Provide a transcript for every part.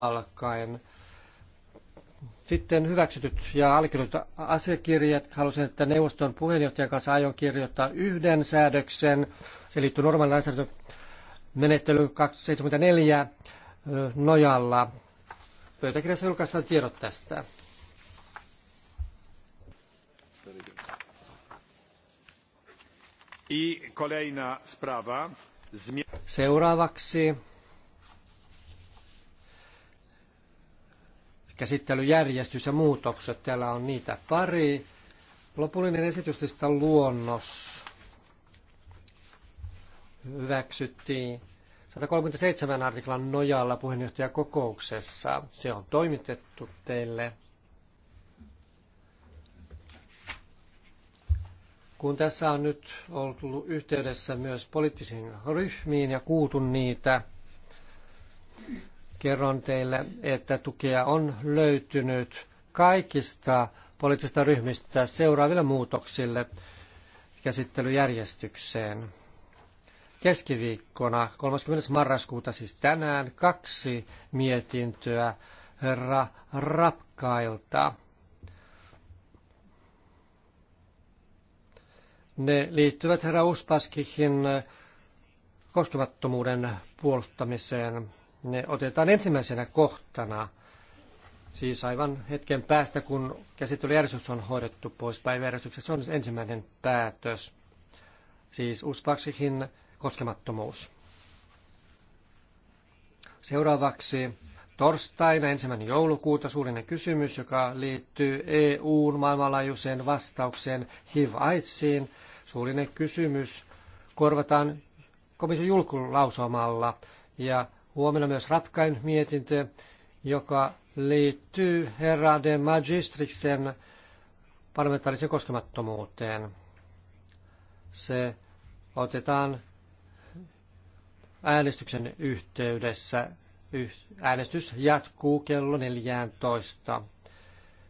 alkaen. Sitten hyväksytyt ja allekirjoitut asiakirjat. Halusin, että neuvoston puheenjohtajan kanssa aion kirjoittaa yhden säädöksen. Se liittyy normaalin lainsäädäntömenettelyyn 274 nojalla. Pöytäkirjassa julkaistaan tiedot tästä. Seuraavaksi käsittelyjärjestys ja muutokset. Täällä on niitä pari. Lopullinen esityslista luonnos hyväksyttiin 137 artiklan nojalla puheenjohtajakokouksessa. Se on toimitettu teille. Kun tässä on nyt ollut yhteydessä myös poliittisiin ryhmiin ja kuultu niitä, kerron teille, että tukea on löytynyt kaikista poliittisista ryhmistä seuraaville muutoksille käsittelyjärjestykseen. Keskiviikkona 30. marraskuuta siis tänään kaksi mietintöä herra Rapkailta. Ne liittyvät herra Uspaskihin koskemattomuuden puolustamiseen ne otetaan ensimmäisenä kohtana, siis aivan hetken päästä, kun käsittelyjärjestys on hoidettu pois päiväjärjestyksessä, on ensimmäinen päätös, siis Uspaksikin koskemattomuus. Seuraavaksi torstaina ensimmäinen joulukuuta suurinen kysymys, joka liittyy EUn maailmanlaajuiseen vastaukseen HIV-AIDSiin. Suurinen kysymys korvataan komission julkulausomalla ja Huomenna myös Rapkain mietintö, joka liittyy herra de magistriksen parlamentaarisen koskemattomuuteen. Se otetaan äänestyksen yhteydessä. Äänestys jatkuu kello 14.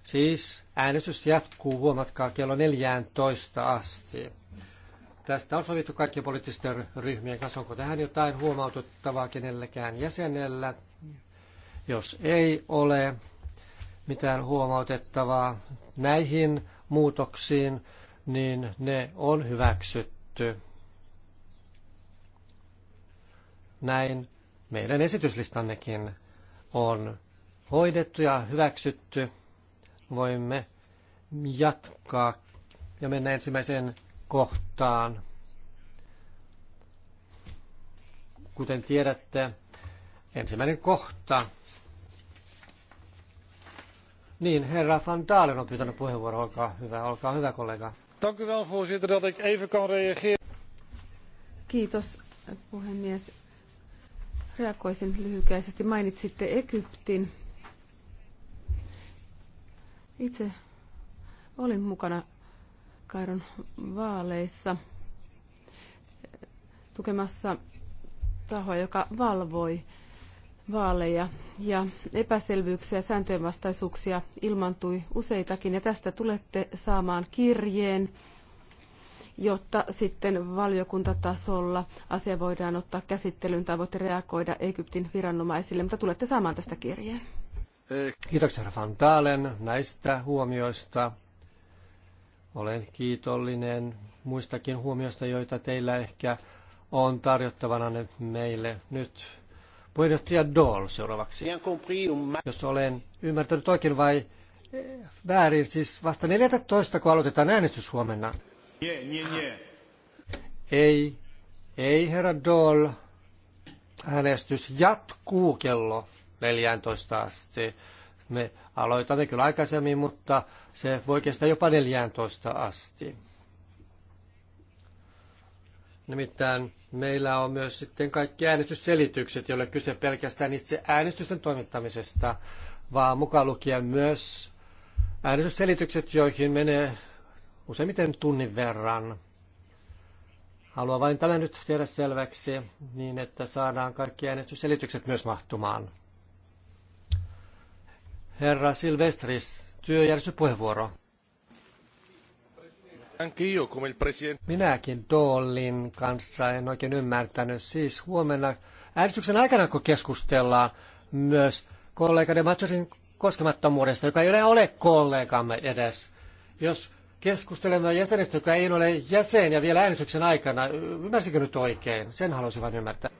Siis äänestys jatkuu, huomatkaa, kello 14 asti. Tästä on sovittu kaikkien poliittisten ryhmien kanssa. Onko tähän jotain huomautettavaa kenellekään jäsenellä? Jos ei ole mitään huomautettavaa näihin muutoksiin, niin ne on hyväksytty. Näin meidän esityslistannekin on hoidettu ja hyväksytty. Voimme jatkaa ja mennä ensimmäiseen kohtaan. Kuten tiedätte, ensimmäinen kohta. Niin, herra Van Dalen on pyytänyt puheenvuoron. Olkaa hyvä, olkaa hyvä kollega. Dank u wel, voorzitter, dat ik even kan reageren. Kiitos, puhemies. Reagoisin lyhykäisesti. Mainitsitte Egyptin. Itse olin mukana Kairon vaaleissa tukemassa tahoa, joka valvoi vaaleja ja epäselvyyksiä ja sääntöjenvastaisuuksia ilmantui useitakin ja tästä tulette saamaan kirjeen, jotta sitten valiokuntatasolla asia voidaan ottaa käsittelyyn tai voitte reagoida Egyptin viranomaisille, mutta tulette saamaan tästä kirjeen. Kiitoksia Rafan Dalen näistä huomioista. Olen kiitollinen muistakin huomioista, joita teillä ehkä on tarjottavana meille nyt. Puheenjohtaja Dahl seuraavaksi. Jos olen ymmärtänyt oikein vai eh, väärin, siis vasta 14, kun aloitetaan äänestys huomenna. Ei, ei herra Doll. Äänestys jatkuu kello 14 asti. Me Aloitamme kyllä aikaisemmin, mutta se voi kestää jopa 14 asti. Nimittäin meillä on myös sitten kaikki äänestysselitykset, joille kyse pelkästään itse äänestysten toimittamisesta, vaan mukaan lukien myös äänestysselitykset, joihin menee useimmiten tunnin verran. Haluan vain tämän nyt tehdä selväksi, niin että saadaan kaikki äänestysselitykset myös mahtumaan. Herra Silvestris, työjärjestyspuheenvuoro. Minäkin Dollin kanssa en oikein ymmärtänyt. Siis huomenna äänestyksen aikana, kun keskustellaan myös kollega de Machosin koskemattomuudesta, joka ei ole, ole kollegamme edes. Jos keskustelemme jäsenestä, joka ei ole jäsen ja vielä äänestyksen aikana, ymmärsikö nyt oikein? Sen haluaisin vain ymmärtää.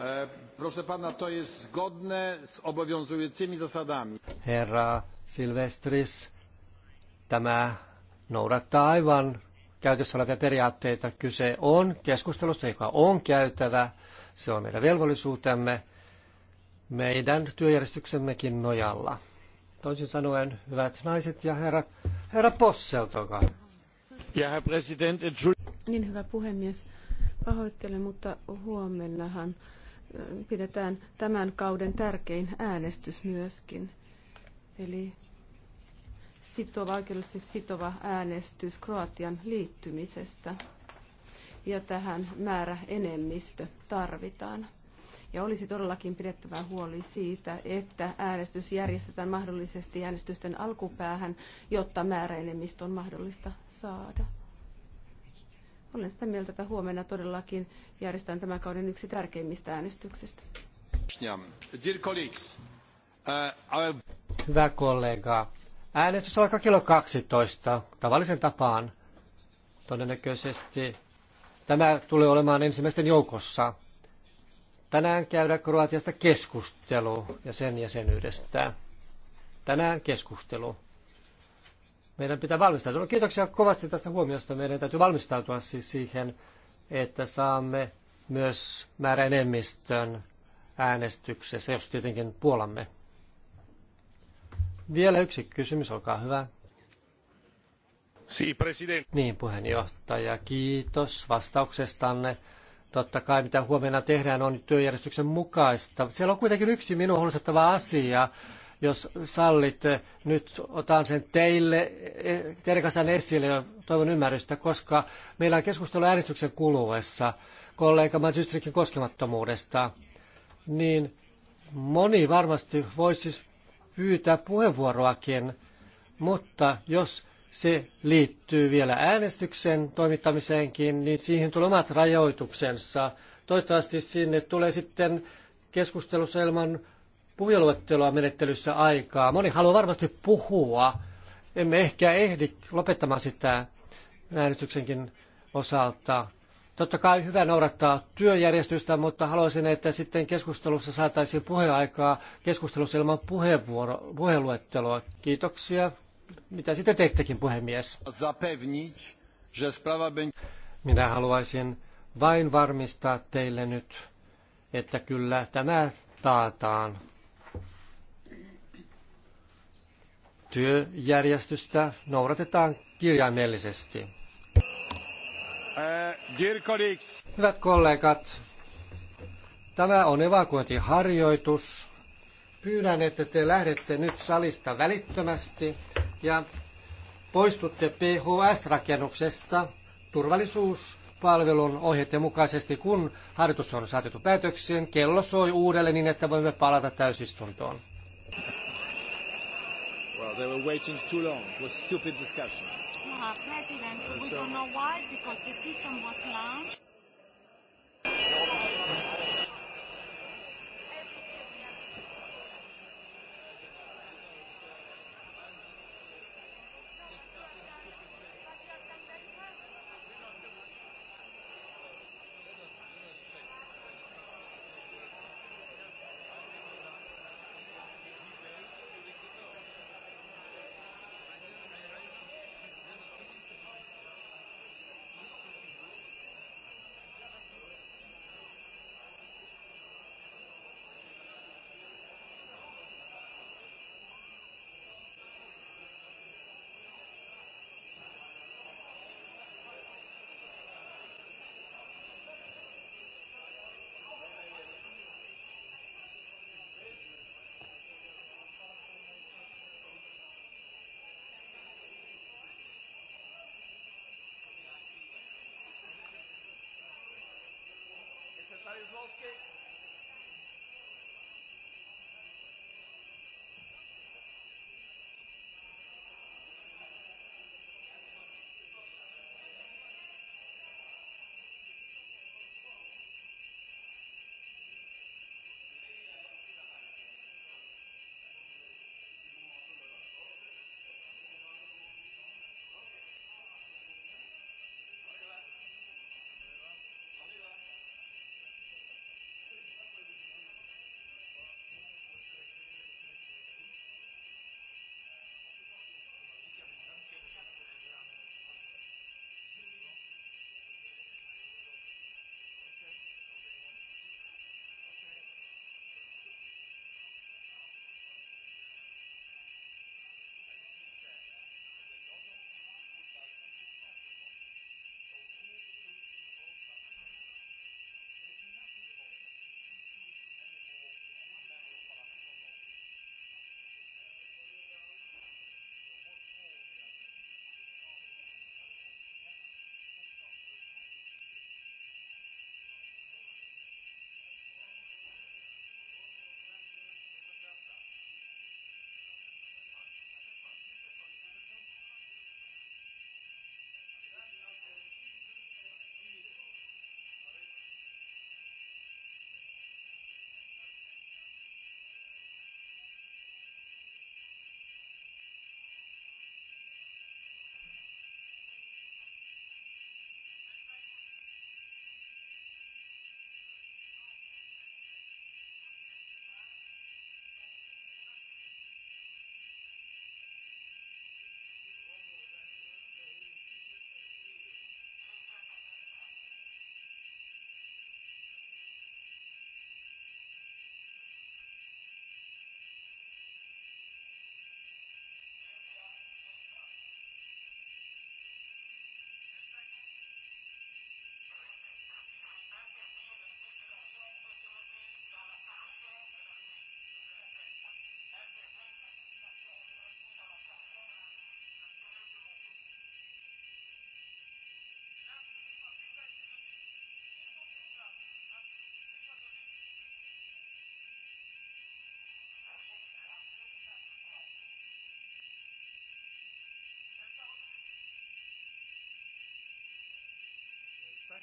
Äh, Proszę pana, to jest zgodne z obowiązującymi zasadami. Herra Silvestris, tämä noudattaa aivan käytössä olevia periaatteita. Kyse on keskustelusta, joka on käytävä. Se on meidän velvollisuutemme meidän työjärjestyksemmekin nojalla. Toisin sanoen, hyvät naiset ja herrat, herra Posselt, olkaa. Ja herra president, Niin hyvä puhemies, pahoittelen, mutta huomennahan pidetään tämän kauden tärkein äänestys myöskin. Eli sitova, oikeudellisesti sitova äänestys Kroatian liittymisestä. Ja tähän määrä enemmistö tarvitaan. Ja olisi todellakin pidettävä huoli siitä, että äänestys järjestetään mahdollisesti äänestysten alkupäähän, jotta määräenemmistö on mahdollista saada. Olen sitä mieltä, että huomenna todellakin järjestetään tämän kauden yksi tärkeimmistä äänestyksistä. Uh, Hyvä kollega. Äänestys alkaa kello 12 tavallisen tapaan. Todennäköisesti tämä tulee olemaan ensimmäisten joukossa. Tänään käydään Kroatiasta keskustelu ja sen jäsenyydestä. Tänään keskustelu meidän pitää valmistautua. Kiitoksia kovasti tästä huomiosta. Meidän täytyy valmistautua siis siihen, että saamme myös määräenemmistön äänestyksessä, jos tietenkin puolamme. Vielä yksi kysymys, olkaa hyvä. Si, president. Niin, puheenjohtaja, kiitos vastauksestanne. Totta kai, mitä huomenna tehdään, on työjärjestyksen mukaista. Siellä on kuitenkin yksi minun huolestuttava asia. Jos sallitte, eh, nyt otan sen teille eh, terkasan esille ja toivon ymmärrystä, koska meillä on keskustelu äänestyksen kuluessa kollega Magistrikin koskemattomuudesta, niin moni varmasti voisi siis pyytää puheenvuoroakin, mutta jos se liittyy vielä äänestyksen toimittamiseenkin, niin siihen tulee omat rajoituksensa. Toivottavasti sinne tulee sitten keskustelussa ilman puhujaluetteloa menettelyssä aikaa. Moni haluaa varmasti puhua. Emme ehkä ehdi lopettamaan sitä äänestyksenkin osalta. Totta kai hyvä noudattaa työjärjestystä, mutta haluaisin, että sitten keskustelussa saataisiin puheaikaa keskustelussa ilman puheenvuoro, Kiitoksia. Mitä sitten teittekin, puhemies? Minä haluaisin vain varmistaa teille nyt, että kyllä tämä taataan. työjärjestystä noudatetaan kirjaimellisesti. Eh, Hyvät kollegat, tämä on evakuointiharjoitus. Pyydän, että te lähdette nyt salista välittömästi ja poistutte PHS-rakennuksesta turvallisuuspalvelun ohjeiden mukaisesti, kun harjoitus on saatettu päätökseen. Kello soi uudelleen niin, että voimme palata täysistuntoon. They were waiting too long. It was stupid discussion. Uh, President, uh, we so don't know why, because the system was launched. Mr. saryusz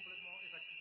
complètement évacué.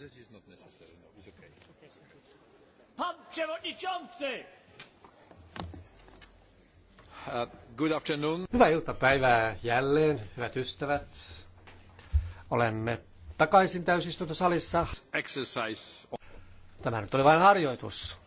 That is not necessary. No, it's okay. Pan przewodniczący! Uh, good afternoon. Hyvää iltapäivää jälleen, hyvät ystävät. Olemme takaisin täysistuntosalissa. Exercise. Tämä nyt oli vain harjoitus.